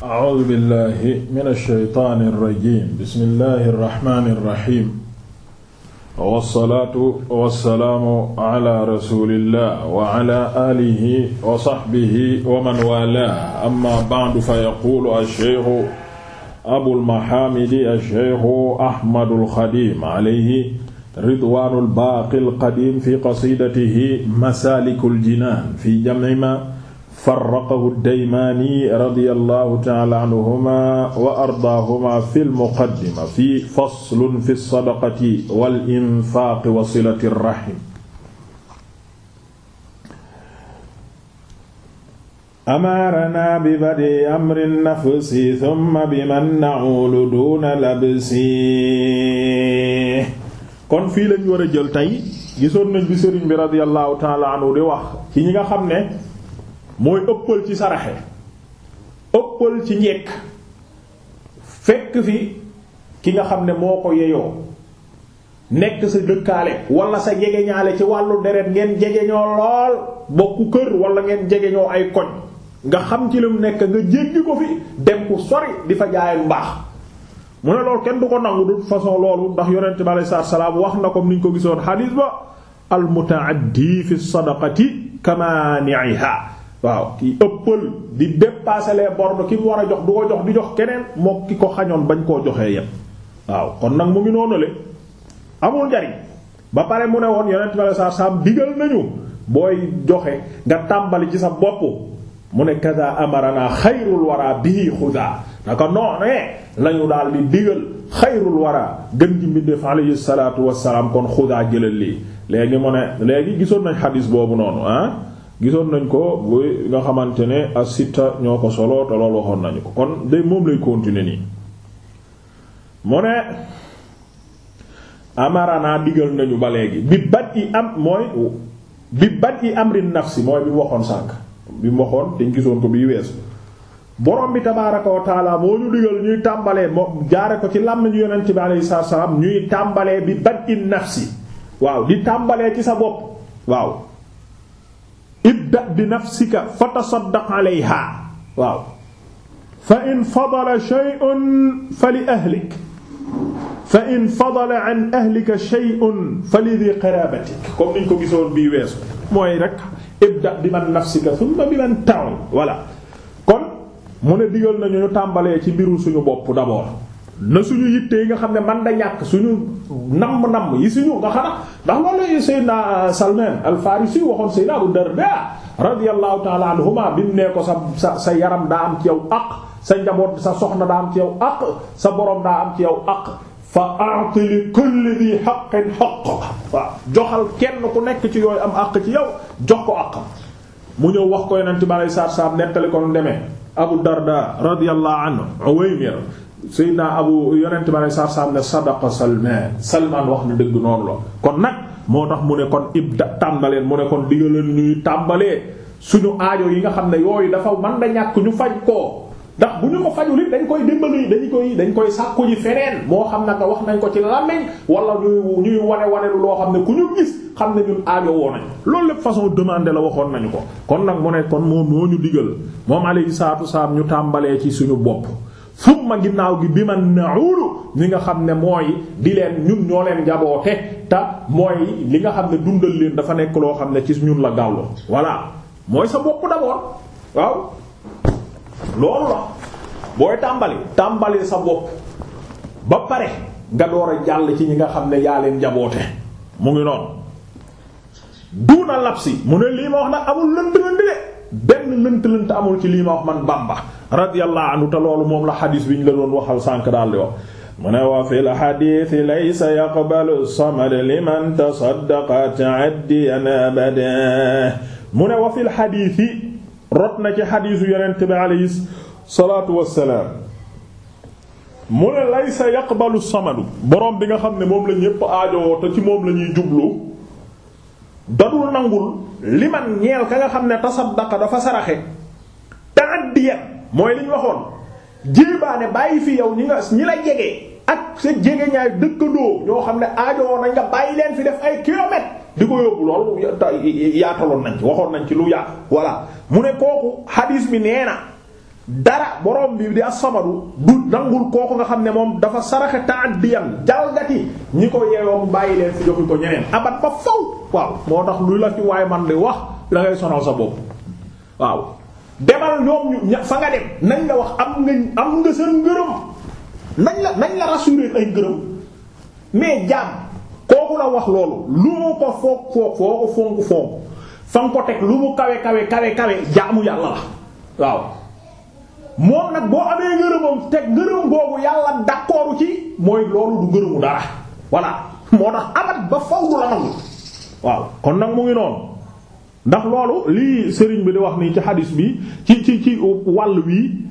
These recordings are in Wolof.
a'uuzu billahi mina shaytaani rajiim bismillahi rahmaani rahiim wasalaatu wasalaamu ala rasulillah wa ala aalihi wa saxbihi wa man waalaahu amma ba'du fa yaquulu ash-shaykhu abul mahaamidi ash-shaykhu ahmadul xadiim alayhi ridwaanul baaqil qadiim fi qasiidatihi masaalikul jinaan fi jam'i maa farraqahu daymaani radiyallahu ta'ala anhuma wa ardaahuma fil muqaddima fi faslun fi sadaqati wal infaaq wa silati rahim amaarana bi badi amri nafsi thumma bi man na'ulu duna labsi kon fii lañ war a jël tey gisoon nañ bi sëriñ bi radiyallahu ta'ala anhu di wax ci ñi nga xam ne mooy ëppal ci saraxe ëppal ci njekk fekk fi ki nga xam ne moo ko yeyoo nekk sa dëkkaale wala sa jegeñaale ci wàllu deret ngeen jegeñoo lool bokku kër wala ngeen jegeñoo ay koñ nga xam ci lim nekk nga jéggi ko fi dem ku sori di fa jaayal baax mu ne loolu kenn du ko nangu de façon loolu ndax yonent bi aleyhi salaatu salaam wax na comme ni ñu ko gisoon xadiis ba al mutaaddi fi sadaqati kamaaniha waaw kii ëppal di dépasser les bornes ki mu war a jox du ko jox di jox keneen moo ki ko xañoon bañ koo joxee yépp waaw kon nag mu ngi noonu le amul njariñ ba pare mu ne woon yonent bi saa saam digal nañu booy joxe nga tàmbali ci sa bopp mu ne kaza amarana xayrul wara bihi xuda naka noonee lañu daal di digal xayrul wara gën ji mbindeef alayhi salaatu wassalaam kon xuda jëlal lii léegi mu ne léegi gisoon nañ xadiis boobu noonu ah gisoon nañ ko buy nga xamante ne as-sitta ñoo ko solo te loolu waxoon nañu ko kon day moom lay continuer nii mu ne amaranaa digal nañu ba léegi bi bat yi am mooy bi bat yi amri nafsi mooy bi waxoon sànk bi mu waxoon dañ gisoon ko bii weesu borom bi tabaaraka wa taala moo ñu digal ñuy tàmbalee moom jaare ko ci làmmiñ yonent bi sa salaam ñuy tàmbalee bi bat yi si waaw di tàmbalee ci sa bopp waaw ibda bi nafsika fatasaddaq alayha waaw fa in fadala shay'un fali ahlik fa in fadala an ahlika shay'un fali dhi qarabatik comme niñ ko gisoon bii weesu mooy rek ibda bi man nafsika thumma bi man ta'ul voilà kon mu ne digal nañu ñu tàmbalee ci mbiru suñu bopp d'abord na suñu yitte yi nga xam ne man na ñàkk suñu namm-namm yi suñu nga xanaa ndax loolu Seydina Salman al-Farisi waxoon Seydina Abu Darda radiyallahu ta'ala anhuma bi mu nee ko sa sa sa yaram daa am ci yow aq sa njaboot sa soxna daa am ci yow aq sa borom daa am ci yow aq fa a'ti li kulli dhi haqqin haqq joxal kenn ku nekk ci yooyu am aq ci yow jox ko aq mu ñëw wax ko yonent bi aleyhi salaatu salaam nettali ko nu demee Abu Darda radiyallahu anhu Uwaymir Seydina Abu yonent ba ne saar saam ne sadaqa Salman Salman wax na dëgg noonu la kon nag moo tax mu ne kon ibda tàmbaleen mu ne kon ñuy tàmbalee suñu aajo yi nga xam ne yooyu dafa man da ñàkk ñu faj ko ndax bu ñu ko fajul it dañ koy dimbali dañ koy dañ koy sàkku ji feneen moo xam nag wax nañ ko ci làmmiñ wala ñuy ñuy wane lu loo xam ne ku ñu gis xam ne ñun aajo woo nañ loolu lépp façon demande la waxoon nañu ko kon nag mu ne kon moom moo ñu digal moom alayhi salaatu salaam ñu tàmbalee ci suñu bopp ma ginnaaw gi bi man naulu ñi nga xam ne mooy di leen ñun ñoo leen jaboote te mooy li nga xam ne dundal leen dafa nekk loo xam ne ci ñun la gàlloo voilà mooy sa bopp d'abord waaw loolu la booy tàmbali tàmbali sa bopp ba pare nga door a jàll ci ñi nga xam ne yaa leen jaboote mu ngi noonu duuna labsi mu ne lii ma wax nag amul lënd lënd de benn lënt-lënt amul ci lii ma wax man Bamba radiyallahu anhu te loolu moom la xadiis bi ñu la doon waxal sànq daal di wax mu ne wa fil xadiis laysa yaqbalu samad liman tasaddaqa ta'addiyan abadan mu ne wa fil xadiis yi rot na ci xadiisu yonent bi alayhi salaatu wassalaam mu ne laysa yaqbalu samadu borom bi nga xam ne moom la ñépp aajowoo te ci moom la ñuy jublu dadul nangul li man ñeel ka nga xam ne tasaddaqa dafa saraxe ta'addiyan mooy li ñu waxoon jéebaane bàyyi fi yow ñi nga ñi la jege ak sa jege ñaay dëkkandoo ñoo xam ne aajoo nañ nga bàyyi leen fi def ay kilomètres di ko yóbbu loolu yaataloon nañ ci waxoon nañ ci lu yaat voilà mu ne kooku hadis bi nee na dara boroom bi di as-samadu du nangul kooku nga xam ne moom dafa saraxe ta'addiyan jalgati ñi ko yeewoon bàyyi leen fi joxi ko ñeneen abat ba faw waaw moo tax lu la ci waay man di wax la ngay sonal sa bopp waaw demal ñoom ñu ña fa nga dem nañ la wax am nga am nga seen ngërëm nañ la nañ la rassurer ay ngërëm mais jaam kooku la wax loolu lu mu ko foog foog foo ko fa nga ko teg lu mu kawe kawe kawe kawe jaamu yàlla la waaw moom nag boo amee ngërëmam te ngërëm boobu yàlla d'accordu ci mooy loolu du ngërëmu dara voilà moo tax amat ba faw du la nangu waaw kon nag mu ngi noonu ndax loolu lii sëriñ bi di wax nii ci xadis bi ci ci ci wàll wi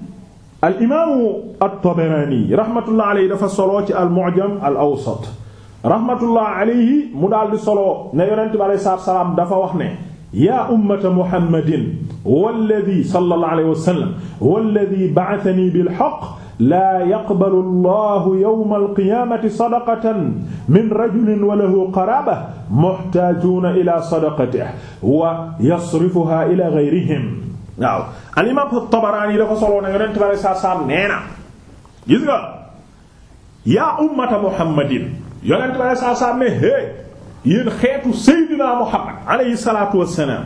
al imaamu at-Tabarani rahmatullah alayhi dafa solo ci al mu'jam al awsat rahmatullah alayhi mu daal di solo ne yonent bi alayhi salaam dafa wax ne yaa ummata muhammadin walladhi sallallahu alayhi wa sallam walladhi ba'athani bil haqq laa yaqbalu allahu yawma alqiyaamati sadaqatan min rajulin wa lahu qaraaba muhtaajuna ila sadaqatihi wa yasrifuha ila ghayrihim waaw alimaam Tabaraani dafa soloo na yonent bi alayhi salaam nee na gis nga yaa ummata Muhammadin yonent bi alayhi salaam ne hé yéen xeetu Seydina Muhammad alayhi salaatu wassalaam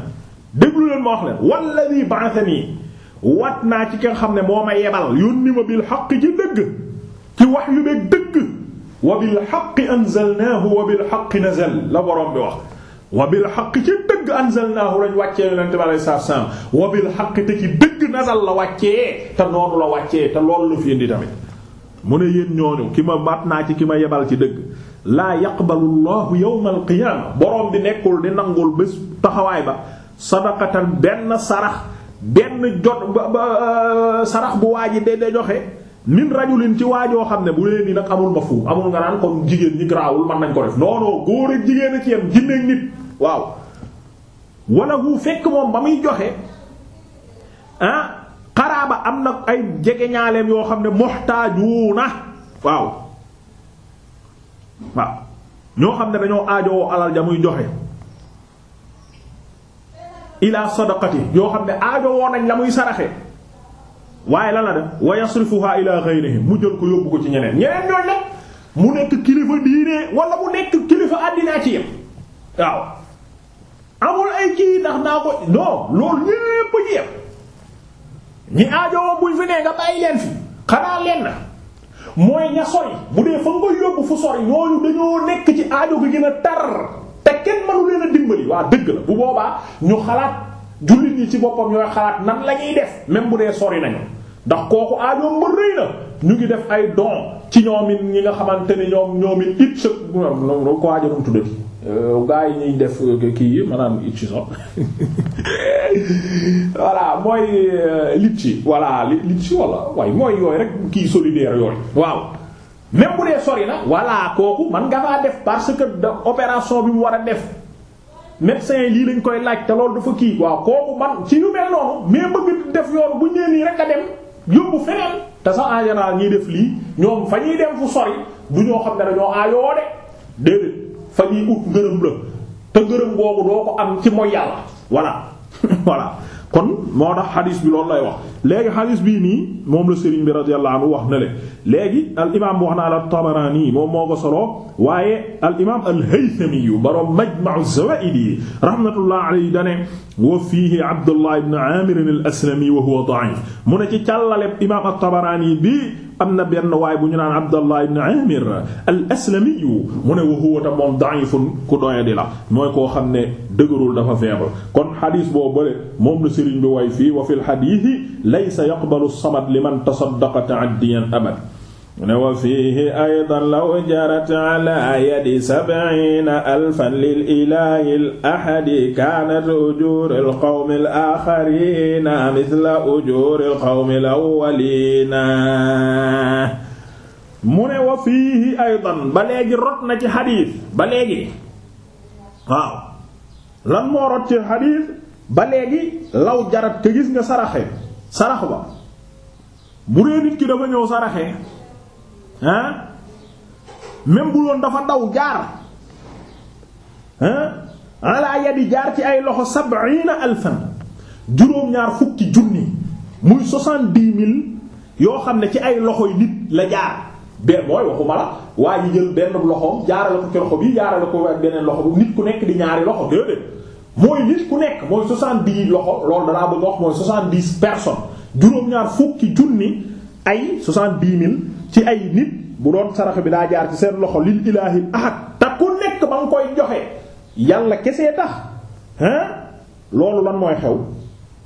déglu leen ma wax leen wallazii ba'athanii wat naa ci kenn xam ne moo ma yebal yónni ma bil xaq ci dëgg ci wax yu beeg dëgg wa bil xaqi anzalnaahu wa bil xaqi nazal la borom bi wax wa bil xaq ci dëgg anzalnaahu lañ wàccee yonente bi alei satu salam wa bil xaq te ci dëgg nazal la wàccee te noonu la wàccee te loolu lu fi indi tamit mu ne yéen ñooñu ki ma mat naa ci ki ma yebal ci dëgg laa yaqbalu llahu yawma alqiyaama borom di nekkul di nangul bés taxawaay ba sadaqatan benn sarax benn jot ba euh, sarax bu waaj ji de de joxe min rajulin ci waajoo xam ne bu leen ni nag amul ma fu amul nga naan kon jigéen ñi garaawul man nañ ko def non góor ak jigéen a ci yem jinneeg nit waaw wala hu fekk moom ba muy joxe ah xaraaba am na ay jege ñaaleem yoo xam ne muxtaajuuna waaw waaw ñoo xam ne dañoo aajowoo alal ja muy joxe ila sadaqati yoo xam ne aajo woon nañ la muy saraxe waaye la la def wa yasrifuha ila ghayrihi mu jël ko yóbbu ko ci ñeneen ñeneen ñooñ nag mu nekk kilifa diine wala mu nekk kilifa àddinaa ci yem waaw amul ay kii ndax naa ko non loolu ñépp ci yem ñi aajo woon buñ fi ne nga bàyyi leen fi xanaa leen na mooy ña sori bu dee fa nga yóbbu fu sori ñooñu dañoo nekk ci aajo gi gën a tar waa dëgg la bu boobaa ñu xalaat jullit ñi ci boppam ñooy xalaat nan la ñuy def même bu dee sori nañu ndax kooku aajoom ba rëy na ñu ngi def ay don ci ñoomin ñi nga xamante ni ñoom ñoomin it sa loolu ko aajoom tuddati euh, gaa yi ñuy def euh, kii yi maanaam it si so voilà mooy euh, lit si voilà lit si walla waaye mooy yooyu rek kii solidaire yooyu waaw même bu dee sori na voilà kooku man nga faa def parce que da opération bi mu war a def médecin yi lii lañ koy laaj te loolu dafa kii waaw kooku man ci yu mel noonu mais bëgg def yoonu bu ñëwee nii rek a dem yóbbu feneen te sax en général ñiy def lii ñoom fa ñuy dem fu sori bu ñoo xam ne dañoo aayoo de déedéet fa ñuy ut ngërëm la te ngërëm boobu doo ko am ci mooy yàlla voilà voilà kon moo tax hadis bi loolu lay wax. léegi xadis bii nii moom la sëriñ bi radiyallahu anhu wax na le léegi al imaam wax na al Tabarani moom moo ko waaye al imaam al Haythami boroom Majma'u Zawaa'id rahmatullahi alayhi dane wa fiihi Abdullah ibn Aamir al Aslami wa huwa da'if mu ne ci càllale imaam al Tabarani bi am na benn waay bu ñu naan Abdallah ibn Amir al-Aslami mu ne wa huwa ta moom da'ifun ku doyadi la mooy koo xam ne dëgërul dafa faible kon xadiis boo bële moom la sëriñ bi laysa yaqbalu samad liman tasaddaqa ta'addiyan abad ne wa fiihi aydan law jarat ala yadi sab'iina alfan lil ilaahi al ahadi kaanat ujuurul qawmil aaxariina misla ujuuril qawmil awwaliina mu wa fiihi aydan ba léegi rot na ci lan moo rot ci xadiis law jarat te gis nga sarax ba bu dee nit ki dafa ñëw saraxee hein même bu dafa daw jaar hein di jaar ci ay loxo sab'ina alfan juróom-ñaar fukki junni muy soixante-dix mille yoo xam ne ci ay loxo yi nit la jaar benn mooy waxuma la waa ji jël benn loxoom jaarale ko ci loxo bi jaarale ko ak beneen loxo bu nit ku nekk di ñaari loxo déedéet mooy nit ku nekk mooy soixante-dix loxo loolu danaa bëgg wax mooy soixante-dix personnes juróom-ñaar fukki junni ay soixante-dix mille ci ay nit bu doon sarax bi daa jaar ci seen loxo lil ilaahil ahad te ku nekk ba nga koy joxe yàlla kesee tax loolu lan mooy xew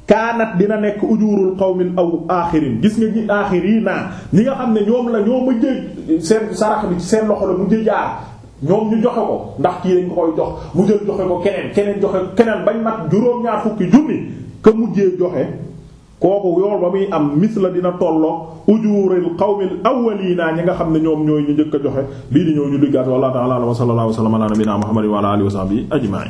kaanat dina nekk ujurul qawmin aw aaxirin gis nga ñi aaxiri naa ñi nga xam ne ñoom la ñoo mujjee seen sarax bi ci seen loxo la mujjee jaar ñoom ñu joxe ko ndax ki yéen nga koy jox mu jël joxe ko keneen keneen joxe ko keneen bañ mat juróom-ñaar fukki junni ka mujjee joxe kooku yool ba muy am mis la dina tolloog ujuril qawmil awwalina ñi nga xam ne ñoom ñooy ñu njëkk a joxe lii di ñëw ñu diggaat wallahu ta'ala wa sallallahu wa sallama ala muhammadin wa alihi wa sahbihi ajma'in